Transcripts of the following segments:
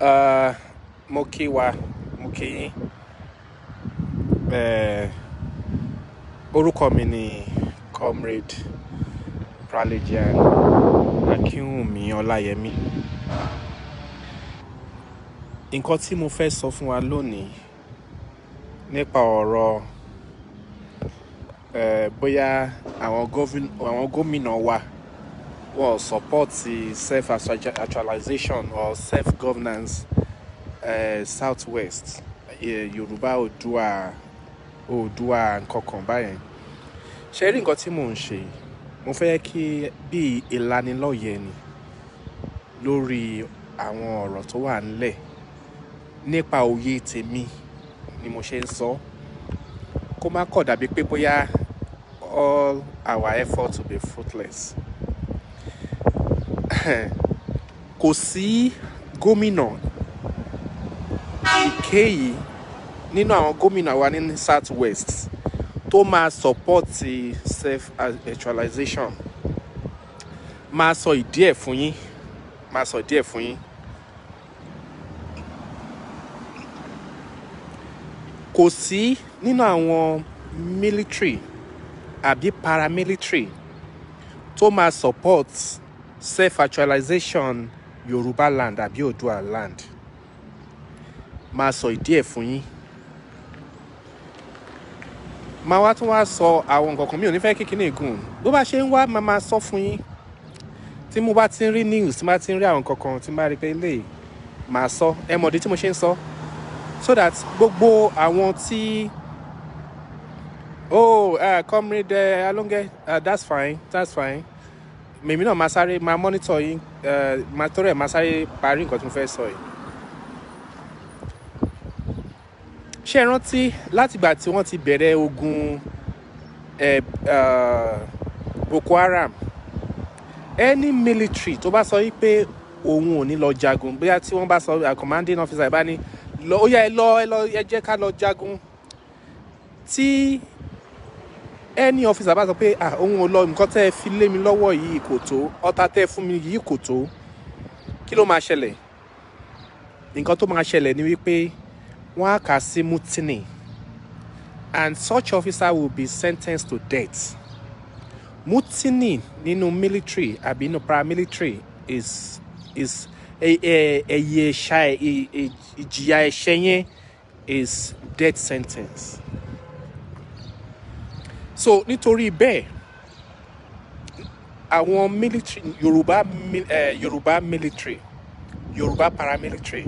Uh, mo kí wa mo kí yín eh, orúkọ mi ni comrade Pralegian Akínwùmí Ọláyẹmí nǹkan tí mo fẹ́ sọ fún wa lónìí nípa ọ̀rọ̀ eh, bóyá àwọn gómìnà wa well, supports the self-actualization or self-governance uh, southwest uh, Yorùbá Odua Oòduà nkankan báyẹn ṣe rí nǹkan tí mò ń ṣe mo fẹ́ kí bíi ìlanilọ́yẹ̀ ni lórí àwọn ọ̀rọ̀ tó wà ńlẹ̀ nípa òye tèmi ni mo ṣe ń sọ kó má kọ̀ dàbí pé bóyá all our effort will be fruitless. kò sí gómìnà ìkéyìí nínú àwọn gómìnà wa ní south west tó máa sọpọ́ọ̀tì self actualization máa sọ ìdí ẹ̀ fún yín máa sọ ìdí ẹ̀ fún yín. kò sí nínú àwọn military àbí paramilitary tó máa support self-actualization yorùbá land àbí oòduà land máa sọ ìdí ẹ̀ fún yín máa wá tún wá sọ àwọn nǹkan kan mi ò ní fẹ́ kékeré gùn bó bá ṣe ń wá máa máa sọ fún yín tí mo bá ti ń rí news tí mo bá ti ń rí àwọn nǹkan kan tí mo bá rí pé lè máa sọ ẹ mọ̀ ìdí tí mo ṣe ń sọ so that gbogbo àwọn tí oh uh, comrade uh, alonge uh, that's fine that's fine mèmí náà máa sáré máa mọ́nítọ̀ yín eh, máa tó rẹ̀ máa sáré parí nǹkan tí mo fẹ́ sọ yìí. ṣé ẹ rántí látìgbà tí wọ́n ti bẹ̀rẹ̀ ogun eh, eh, Boko Haram any military tó bá sọ yìí pé òun ò ní lọ jagun bóyá tí wọ́n bá sọ commanding officer bá ní ó yá ẹ lọ ẹ lọ ẹ jẹ́ ká lọ jagun tí ẹni ọfíìsà bá sọ pé ah, òun ò lọ nǹkan tẹ́ ẹ fi lé mi lọ́wọ́ yìí kò tó ọta tẹ́ ẹ fún mi yìí kò tó kí ló máa ṣẹlẹ̀ nǹkan tó máa ṣẹlẹ̀ ni wípé wọ́n á kà sí mutiny and such officer will be sentenced to death mutiny nínú military àbí nínú paramilitary is is ẹ̀yẹ ẹ̀ṣá ìjìyà ẹ̀ṣẹ̀ yẹn is death sentence so nítorí bẹ́ẹ̀ àwọn military yorùbá uh, yorùbá military yorùbá paramilitary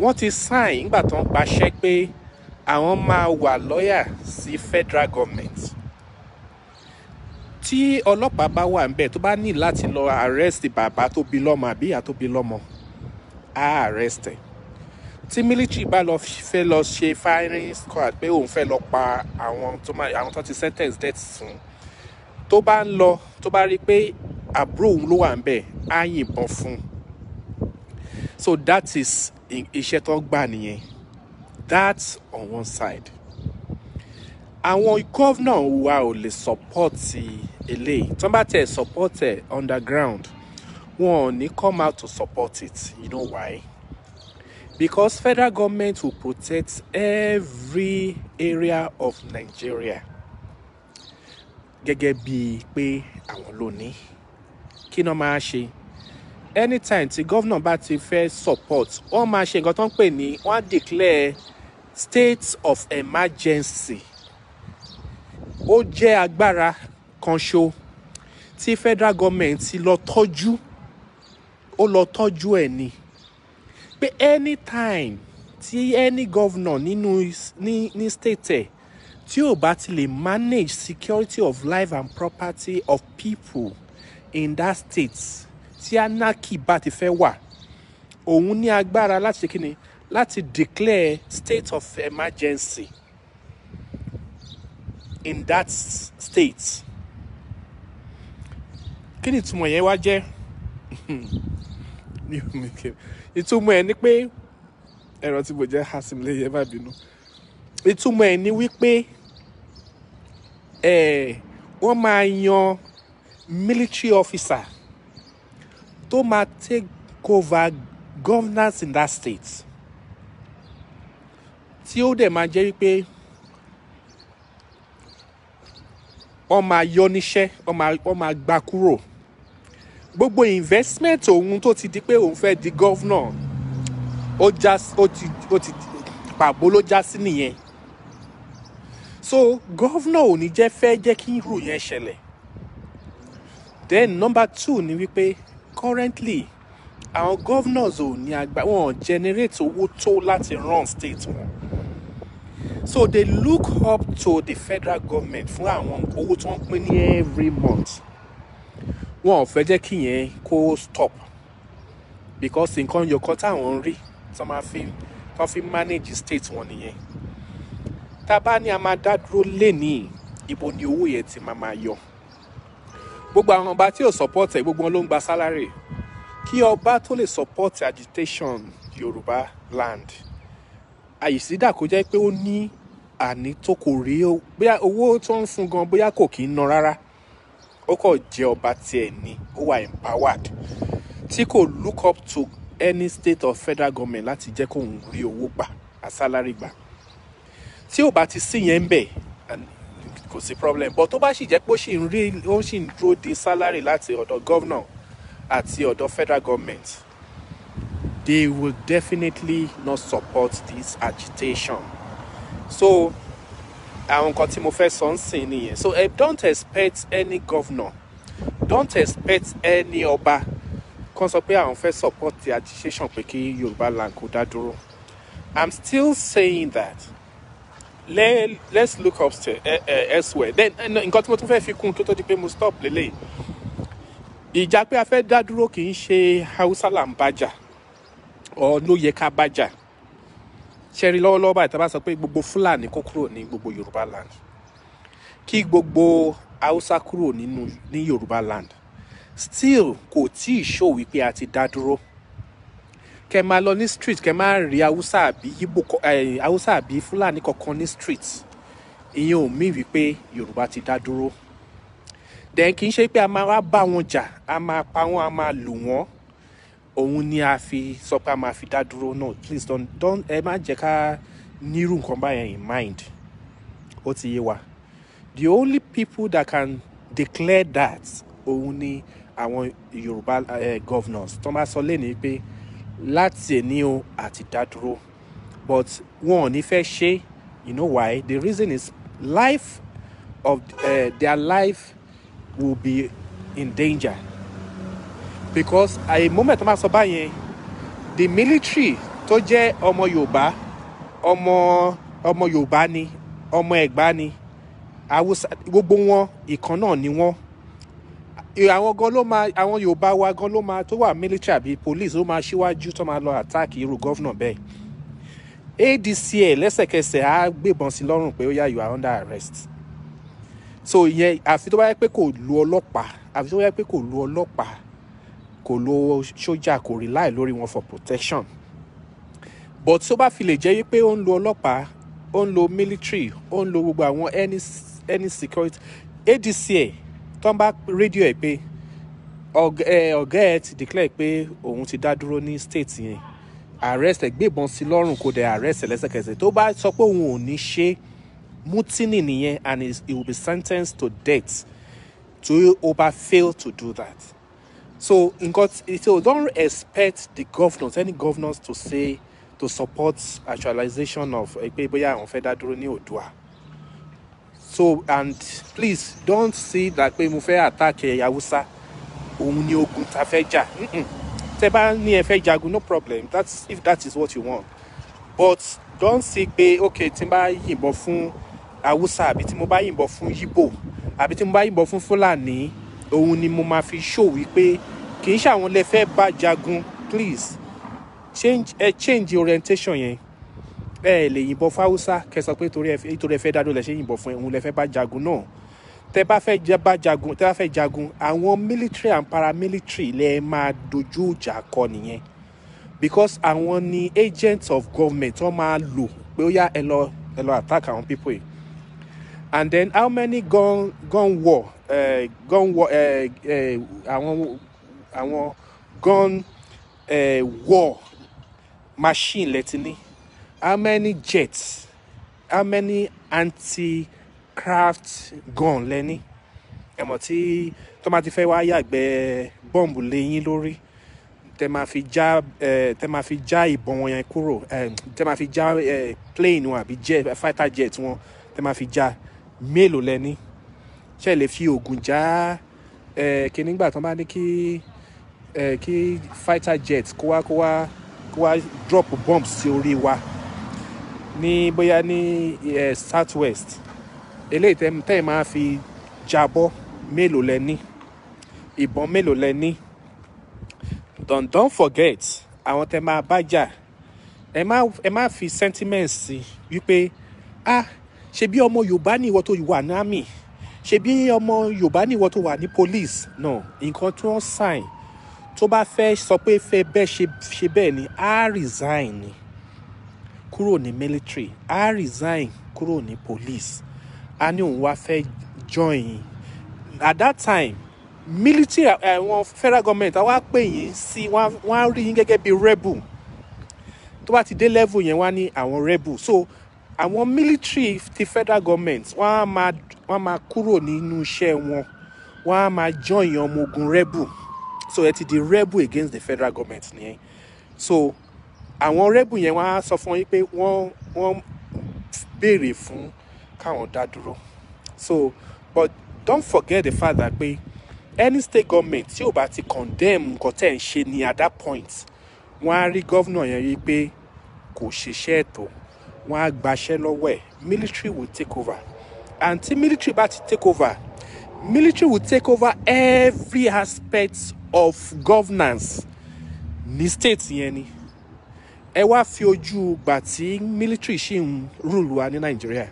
wọ́n ti sign nígbà tó ń paṣẹ pé àwọn máa wà lọ́yà sí federal government tí ọlọ́pàá bá wà níbẹ̀ tó bá ní láti lọ arrest bàbá tó bí lọ́mọ àbí ìyá tó bí lọ́mọ á arrest ẹ̀ tí military bá lọ fẹ́ lọ ṣe firing squad pé òun fẹ́ lọ pa àwọn tó máa àwọn tó ti sentence death sùn tó bá ń lọ tó bá rí i pé àbúrò òun ló wà ń bẹ̀ á yìnbọn fún un so that is iṣẹ́ tó gbà nìyẹn that's on one side àwọn gọ́vnà wa ò lè sọ́pọ́ọ̀tì eléyìí tí wọ́n bá tẹ̀ sọ́pọ́ọ̀tì underground wọn ò ní come out to support it you know why because federal government will protect every area of Nigeria gẹ́gẹ́ bíi pé àwọn ló ní kí náà ṣe anytime tí governor bá ti fẹ́ support wọ́n máa ṣe nǹkan tó ń pè ní wọ́n declare state of emergency ó jẹ́ agbára kan ṣo tí federal government lọ tọ́jú ó lọ tọ́jú ẹ̀ ni pé anytime tí any governor nínú ní ní state ẹ̀ tí ò bá ti lè manage security of life and property of people in that state tí anarchy bá ti fẹ́ wà òun ní agbára láti ṣe kíni láti declare state of emergency in that state kí ni ìtumọ̀ yẹn wá jẹ́ mi ò ní kí ìtumọ̀ ẹ̀ ni pé ẹ̀rọ tí mo jẹ́ hasim lè yẹ má bínú ìtumọ̀ ẹ̀ ni wípé ẹ̀ wọ́n máa yan military officer tó máa take over governance in that state tí ó dẹ̀ máa jẹ́ wípé wọ́n máa yọ níṣẹ́ wọ́n máa gbà kúrò gbogbo investment òun tó ti di pé òun fẹ́ di governor ó já ó ti ó ti pàbó ló já sí nìyẹn so governor ò ní jẹ́ fẹ́ jẹ́ kí irú yẹn ṣẹlẹ̀ then number two ni wípé currently àwọn governors ò ní agbára wọn generate owó tó láti run state wọn so they look up to the federal government fún àwọn owó tí wọ́n pín ní every month wọn ò fẹ́ jẹ́ kí yẹn kó stop because nǹkan yọkọ táwọn ń rí tó máa fi tó fi manage state wọn nìyẹn tá a bá ní a máa dá dúró lénìí ibo ni owó yẹn ti máa máa yọ gbogbo àwọn ọba tí ò support ẹ gbogbo wọn ló ń gba salary kí ọba tó lè support agitation Yorùbá land àyèsídà kó jẹ́ pé ó ní àní tó kò rí bóyá owó tó ń fún gan bóyá kò kí ń ná rárá ó kàn jẹ́ ọba tiẹ̀ ni ó wà empowered tí kò look up to any state or federal government láti jẹ́ kó ń rí owó gbà àsálárì gbà tí ò bá ti sí yẹn ń bẹ̀ kò sí problem but tó bá sì jẹ́ pé ó sì ń rí ó sì ń dúró de salary láti ọ̀dọ̀ governor àti ọ̀dọ̀ federal government they will definitely not support this agitation so àwọn nǹkan tí mo fẹ́ sọ ń sìn nìyẹn so uh, don't expect any governor don't expect any ọba kan sọ pé àwọn fẹ́ support the agitation pé kí Yorùbá land kó dá dúró I'm still saying that let, let's look upstairs uh, eh, uh, eh, elsewhere then nǹkan tí mo tún fẹ́ fi kún tó tó di pé mo stop lélẹ́yìí ìjà pé a fẹ́ dá dúró kì í ṣe Haúsá là ń ló yẹ ká bájà ṣẹ́rí lọ́wọ́lọ́wọ́ báyìí tá a bá sọ pé gbogbo fúlàní kó kúrò ní gbogbo yorùbá land kí gbogbo haúsá kúrò nínú ní yorùbá land still kò tí ì ṣó wípé a ti dá dúró kẹ máa lọ ní street kẹ máa rí haúsá àbí yíbò haúsá àbí fúlàní kankan ní street ìyẹn ò mí wípé yorùbá ti dá dúró then kì í ṣe pé a máa wá bá wọn jà a máa pa wọn a máa lù wọn òun ni a fi sọ pé a máa fi dá dúró náà please don't don't ẹ má jẹ́ ká nírú nǹkan báyẹn in mind ó ti yé wa the only people that can declare that òun ni àwọn Yorùbá uh, governors tó máa sọ lẹ́ni pé láti ẹni o àti dá dúró but wọn ò ní fẹ́ ṣe you know why the reason is life of uh, their life will be in danger because at àìmọ́mẹ̀ moment, máa sọ báyẹn the military tó jẹ́ ọmọ yorùbá ọmọ ọmọ yorùbá ni ọmọ ẹ̀gbá ni haúsá gbogbo wọn ìkan náà ni wọ́n àwọn gan ló máa àwọn yorùbá wa gan ló máa tó wà military àbí police ló máa ṣíwájú tó ma lọ attack irú governor bẹ́ẹ̀ adc ẹ̀ lẹ́sẹ̀kẹsẹ̀ á gbébọn sí lọ́rùn pé ó oh yá you are under arrest so ìyẹn àfi tó bá yẹ pé kò lu ọlọ́pàá àfi tó bá yẹ pé kò lu ọlọ́pàá kò lo sójà kò rely lórí wọn for protection but tó bá fi lè jẹ́ yí pé ó ń lo ọlọ́pàá ó ń lo military ó ń lo gbogbo àwọn any any security adc ẹ̀ tó ń bá rédíò ẹ̀ pé ọ̀gá ẹ̀ ti declare pé òun ti dá dúró ní state yẹn arrest ẹ̀ gbébọn sí lọ́rùn kó dẹ̀ arrest ẹ̀ lẹ́sẹ̀kẹsẹ̀ tó bá sọ pé òun ò ní ṣe mutiny nìyẹn and he will be sentenced to death to over fail to do that. So, in God, so don't expect the governors, any governors, to say to support actualization of Ipeya on Federal Duro ni Odua. So, and please don't see that we move fẹ́ attack eh, Hausa, òun ni ogun ta fẹ́ jà. Tẹ́ no problem. That's if that is what you want. But don't see pé okay tí n bá yìnbọn fún Hausa àbí tí mo bá yìnbọn fún Yibo àbí tí òun ni mo máa fi show wípé kì í ṣàwọn lè fẹ́ bá jagun please change ẹ change orientation yẹn ẹ eh, lè yìnbọn fáwùsá kẹsàn pé torí ẹ fẹ́ dádó lẹ ṣe yìnbọn fún ẹ òun lè fẹ́ bá jagun náà tẹ bá fẹ́ bá jagun tẹ bá fẹ́ jagun àwọn military and paramilitary lè máa dojú ìjà kọ nìyẹn because àwọn ni agents of government wọ́n máa lò pé ó yá ẹ lọ ẹ lọ attack àwọn people yìí and then how many gun gun war uh, gun war eh, eh, àwọn uh, àwọn uh, gun uh, war machine lẹ́tí ní how many jets how many anti-craft gun lẹ́ní ẹ̀mọ̀ tí tó máa ti fẹ́ wá yàgbẹ́ bọ́ǹbù lẹ́yìn lórí tẹ máa fi já tẹ máa fi já ìbọn wọn yẹn kúrò tẹ máa fi já plane wọn àbí jet fighter jet wọn tẹ máa fi já. Ja mélòó lẹ́ni ṣe lè fi oògùn já ẹ kí nígbà tó bá ní kí ẹ kí fighter jet kó wá kó wá kó wá drop bombs sí orí wa ní bóyá ní ẹ south west eléyìí tẹ́ ẹ máa fi jábọ́ mélòó lẹ́ni ìbọn mélòó lẹ́ni don't don't forget àwọn tẹ́ máa bá jà ẹ má ẹ má fi sentiments sí wípé ah ṣebí ọmọ Yorùbá ni ìwọ tó wà ní army ṣebí ọmọ Yorùbá ni ìwọ tó wà ní police náà nǹkan tí wọ́n sign tó bá fẹ́ sọ pé fẹ́ bẹ́ẹ̀ ṣe bẹ́ẹ̀ ni á resign ni kúrò ní military á resign kúrò ní police á ní òun wá fẹ́ join at that time military àwọn uh, federal government àwa pè yín sí wọ́n á rí yín gẹ́gẹ́ bí rebel tó bá ti dé level yẹn wá ní àwọn rebel so àwọn military ti federal government wọ́n á máa wọ́n á máa kúrò nínú iṣẹ́ wọn wọ́n á máa join ọmọ ogun rebel so ẹ ti di rebel against the federal government nìyẹn so àwọn rebel yẹn wọ́n á sọ fún yín pé wọ́n wọ́n béèrè fún káwọn dá dúró so but don't forget the fact that pé any state government tí ò bá ti condemn nǹkan tẹ̀ ń ṣe ni at that point wọ́n á rí gọ́vnà yẹn rí pé kò ṣiṣẹ́ ẹ̀tọ́ wọ́n á gbaṣẹ́ lọ́wọ́ ẹ̀ military will take over and tí military bá ti take over military will take over every aspect of governance ní state yẹn ni ẹ wá fi ojú gbà tí military ṣì ń rúlu wa ní nàìjíríà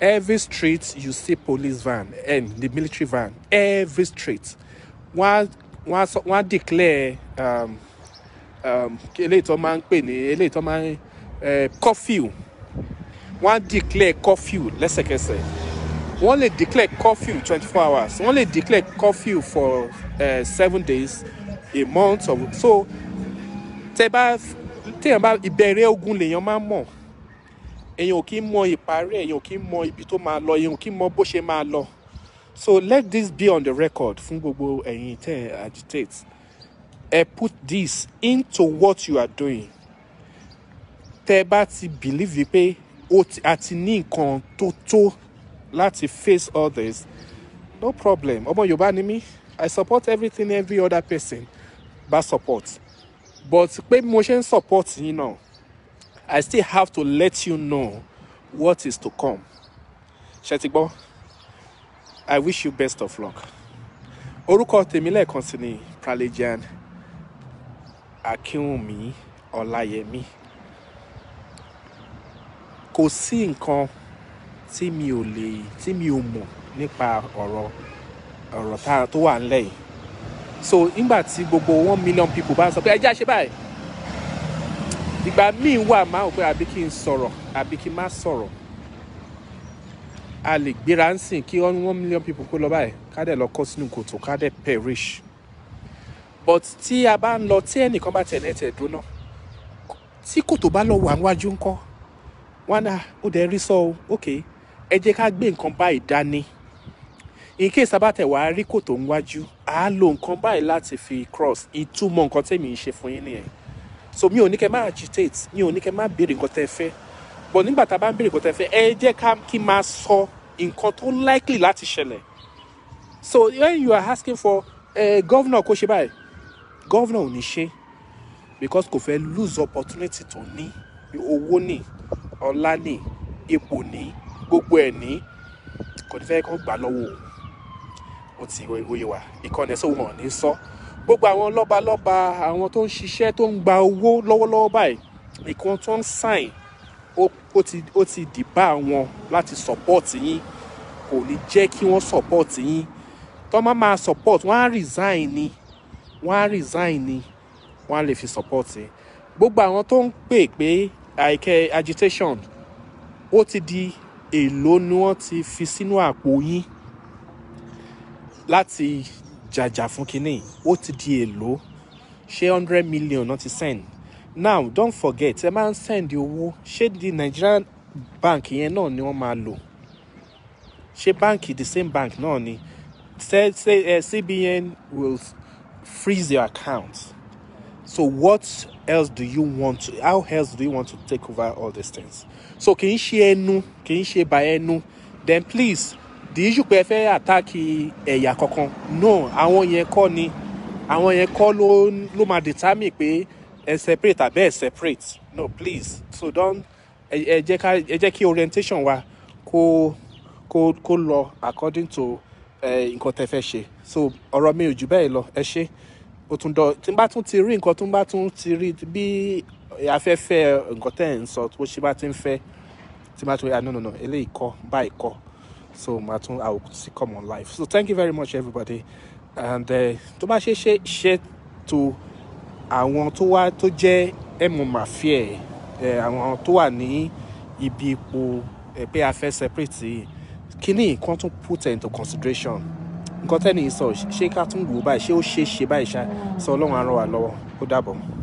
every street you see police van and eh, the military van every street wọ́n á wọ́n á declare um, um, eléyìí tó máa ń pè ní eléyìí tó máa ń eh, curfew wọ́n declare curfew lẹ́sẹ̀kẹsẹ̀ wọ́n lè declare curfew twenty four hours wọ́n lè declare curfew for uh, seven days a month of so tẹ bá téèyàn ogun lèèyàn máa mọ̀ èèyàn ò kí mọ ìparí èèyàn ò kí mọ ibi tó máa lọ èèyàn ò kí mọ bó ṣe máa lọ so let this be on the record fún gbogbo ẹ̀yin tẹ́ ẹ agitate ẹ put this into what you are doing tẹ bá ti believe pé àti ní nǹkan tó tó láti face all this no problem ọmọ yorùbá ni mí i support everything every other person bá support but pé mo ṣe ń support yín náà i still have to let you know what is to come ṣètìgbọ́ i wish you best of luck orúkọ tèmi lẹ́ẹ̀kan sí ni Pralegian Akínwùmí Ọláyẹmí kò sí nǹkan tí mi ò lè tí mi ò mọ̀ nípa ọ̀rọ̀ ọ̀rọ̀ tó wà ńlẹ̀ yìí so nígbà tí gbogbo one million people bá sọ pé ẹ jẹ́ àṣẹ báyìí ìgbà míì wà máa ń pè àbí kí n sọ̀rọ̀ àbí kí n má sọ̀rọ̀ a lè gbéra ń sìn kí one million people kó lọ báyìí ká dẹ̀ lọ kó sínú kòtò ká dẹ̀ perish but tí a bá ń lọ tí ẹnìkan bá tẹ̀lé tẹ̀ dúná tí kòtò bá lọ wà níwájú ńkọ́ wọn náà ah, ó dẹ̀ rí sọ o ok ẹ jẹ́ ká gbé nǹkan báyìí dání in case abatẹ̀ wàá rí kòtò ńwájú à á lo nǹkan báyìí láti fi cross ìtumọ̀ nǹkan tẹ̀mí ń ṣe fún yín nìyẹn so mi ò ní kẹ́ máa agitate mi ò ní kẹ́ máa béèrè nǹkan tẹ́ fẹ́ but nígbà tá a bá ń béèrè nǹkan tẹ́ fẹ́ ẹ jẹ́ ká kí máa sọ nǹkan tó likely láti ṣẹlẹ̀ so when you are asking for uh, governor kó ṣe báyìí governor ò ní ṣe because kò fẹ́ lose opportunity tó ní owó ní ọlá ní ipò ní gbogbo ẹ̀ ní kò ní fẹ́ kó gbà lọ́wọ́ o ti òye wa ìkànnì ẹ̀sọ́ wọn ní sọ gbogbo àwọn lọ́balọ́ba àwọn tó ń ṣiṣẹ́ tó ń gba owó lọ́wọ́lọ́wọ́ báyìí ìkan tó ń sàn ó ti dìbà wọn láti support yín kò ní jẹ́ kí wọ́n support yín tó má máa support wọ́n á resign ni wọ́n á resign ni wọ́n á lè fi support gbogbo àwọn tó ń pè pé àìkẹ́ agitation ó ti di èlò ni wọ́n ti fi sínú àpò yín láti jàjà fún kínní ó ti di èlò ṣé hundred million náà ti send now don't forget ẹ máa ń send owó ṣé di Nigerian bank yẹn náà ni wọ́n máa lò ṣé báǹkì the same bank náà ni eh, CBN will freeze your account so what else do you want to how else do you want to take over all these things so can you share no? Can you share by ẹnu then please the issue prefer attack ẹ̀yà kankan no I want kọ́ ni I want kọ́ ló No máa determine pé ẹ separate a ẹ separate no please so don ẹ jẹ́ ká ẹ jẹ́ kí orientation wa kó kó kó lọ according to nǹkan tẹ́ fẹ́ ṣe so ọ̀rọ̀ mi ò jù bẹ́ẹ̀ lọ ẹ ṣé ó tún tí n bá tún ti rí nǹkan tó ń bá tún ti rí bí afẹ́fẹ́ nǹkan tẹ̀ ń sọ tó ṣe bá ti ń fẹ́ tí n bá tún rí ah no eléyìí kọ́ báyìí kọ́ so màá tún I will see come so thank you very much everybody and eh, tó bá ṣe ṣe ṣètò àwọn tó wá tó jẹ́ ẹ̀mú màfíà ẹ̀ eh, àwọn tó wà ní ibi ipò ẹ̀ eh, pé a fẹ́ separate yìí kíní kan tún put into consideration nǹkan tẹ́ni sọ ṣé ká tún wò báyìí ṣé ó ṣeé ṣe báyìí ṣá sọ ọlọ́run á ràn wá ó dàbọ̀.